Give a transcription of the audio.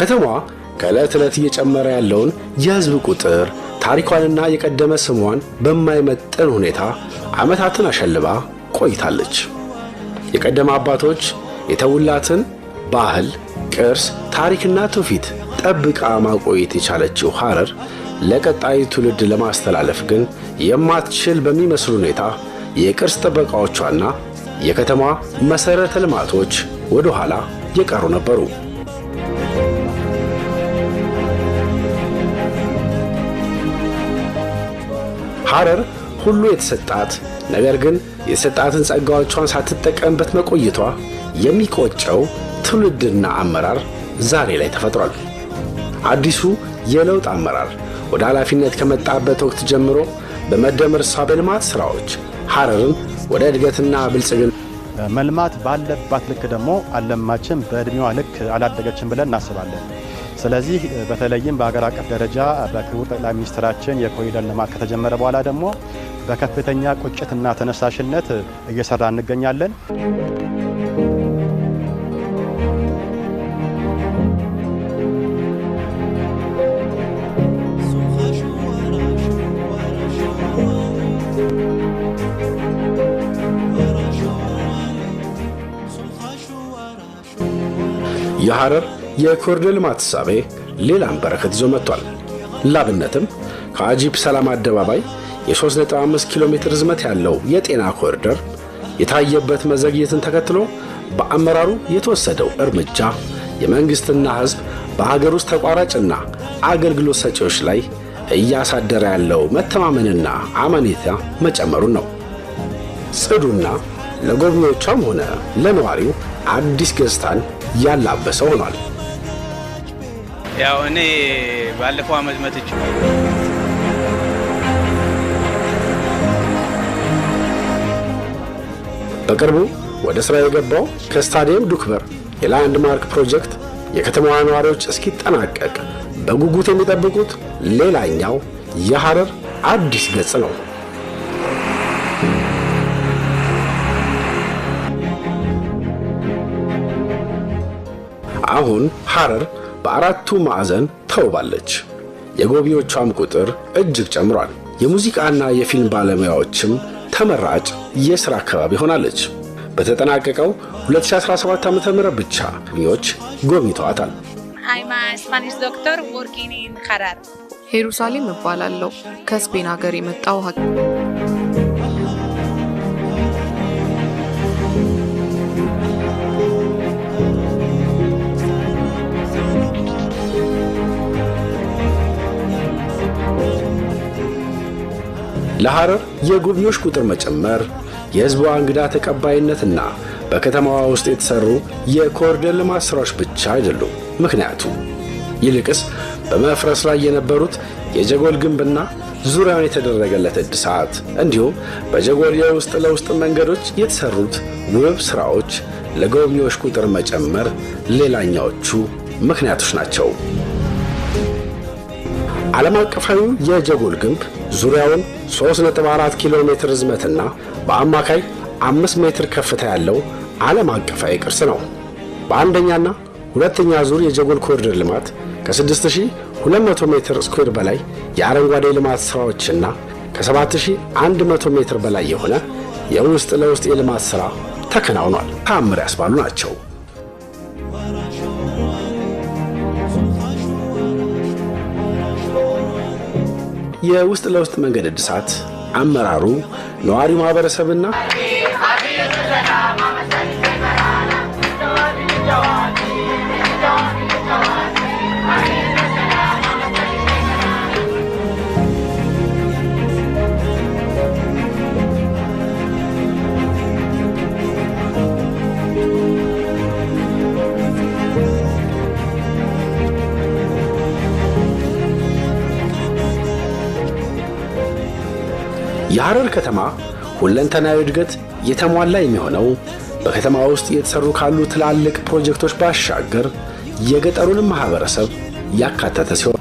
ከተማዋ ከዕለት ዕለት እየጨመረ ያለውን የሕዝብ ቁጥር ታሪኳንና የቀደመ ስሟን በማይመጥን ሁኔታ ዓመታትን አሸልባ ቆይታለች። የቀደመ አባቶች የተውላትን ባህል፣ ቅርስ፣ ታሪክና ትውፊት ጠብቃ ማቆየት የቻለችው ሐረር ለቀጣይ ትውልድ ለማስተላለፍ ግን የማትችል በሚመስል ሁኔታ የቅርስ ጥበቃዎቿና የከተማ መሠረተ ልማቶች ወደ ኋላ የቀሩ ነበሩ። ሐረር ሁሉ የተሰጣት ነገር ግን የሰጣትን ጸጋዎቿን ሳትጠቀምበት መቆየቷ የሚቆጨው ትውልድና አመራር ዛሬ ላይ ተፈጥሯል። አዲሱ የለውጥ አመራር ወደ ኃላፊነት ከመጣበት ወቅት ጀምሮ በመደመር እሷ በልማት ስራዎች ሐረርን ወደ እድገትና ብልጽግና መልማት ባለባት ልክ ደግሞ አለማችን፣ በዕድሜዋ ልክ አላደገችን ብለን እናስባለን። ስለዚህ በተለይም በሀገር አቀፍ ደረጃ በክቡር ጠቅላይ ሚኒስትራችን የኮሪደር ልማት ከተጀመረ በኋላ ደግሞ በከፍተኛ ቁጭትና ተነሳሽነት እየሰራ እንገኛለን። የሐረር የኮሪደር ልማት ሳቤ ሌላም በረከት ይዞ መጥቷል። ላብነትም ከአጂፕ ሰላም አደባባይ የ3.5 ኪሎ ሜትር ርዝመት ያለው የጤና ኮሪደር የታየበት መዘግየትን ተከትሎ በአመራሩ የተወሰደው እርምጃ የመንግሥትና ሕዝብ በሀገር ውስጥ ተቋራጭና አገልግሎት ሰጪዎች ላይ እያሳደረ ያለው መተማመንና አመኔታ መጨመሩን ነው። ጽዱና ለጎብኚዎቿም ሆነ ለነዋሪው አዲስ ገጽታን ያላበሰ ሆኗል። ያው እኔ ባለፈው አመት መጥቼ በቅርቡ ወደ ስራ የገባው ከስታዲየም ዱክበር የላንድማርክ ፕሮጀክት የከተማዋ ነዋሪዎች እስኪጠናቀቅ በጉጉት የሚጠብቁት ሌላኛው የሐረር አዲስ ገጽ ነው። አሁን ሐረር በአራቱ ማዕዘን ተውባለች። የጎብኚዎቿም ቁጥር እጅግ ጨምሯል። የሙዚቃና የፊልም ባለሙያዎችም ተመራጭ የሥራ አካባቢ ሆናለች። በተጠናቀቀው 2017 ዓ ም ብቻ ጎብኚዎች ጎብኝተዋታል። ኢየሩሳሌም ሄሩሳሌም እባላለሁ። ከስፔን ሀገር የመጣው ለሐረር የጎብኚዎች ቁጥር መጨመር፣ የሕዝቧ እንግዳ ተቀባይነትና በከተማዋ ውስጥ የተሰሩ የኮሪደር ልማት ሥራዎች ብቻ አይደሉም ምክንያቱ። ይልቅስ በመፍረስ ላይ የነበሩት የጀጎል ግንብና ዙሪያውን የተደረገለት እድሳት እንዲሁም በጀጎል የውስጥ ለውስጥ መንገዶች የተሰሩት ውብ ሥራዎች ለጎብኚዎች ቁጥር መጨመር ሌላኛዎቹ ምክንያቶች ናቸው። ዓለም አቀፋዊ የጀጎል ግንብ ዙሪያውን 3.4 ኪሎ ሜትር ርዝመትና በአማካይ 5 ሜትር ከፍታ ያለው ዓለም አቀፋዊ ቅርስ ነው። በአንደኛና ሁለተኛ ዙር የጀጎል ኮሪደር ልማት ከ6200 ሜትር ስኩዌር በላይ የአረንጓዴ ልማት ሥራዎችና ከ7100 ሜትር በላይ የሆነ የውስጥ ለውስጥ የልማት ሥራ ተከናውኗል። ተአምር ያስባሉ ናቸው። የውስጥ ለውስጥ መንገድ እድሳት፣ አመራሩ፣ ነዋሪው ማህበረሰብና የሐረር ከተማ ሁለንተናዊ እድገት የተሟላ የሚሆነው በከተማ ውስጥ እየተሰሩ ካሉ ትላልቅ ፕሮጀክቶች ባሻገር የገጠሩንም ማህበረሰብ ያካተተ ሲሆን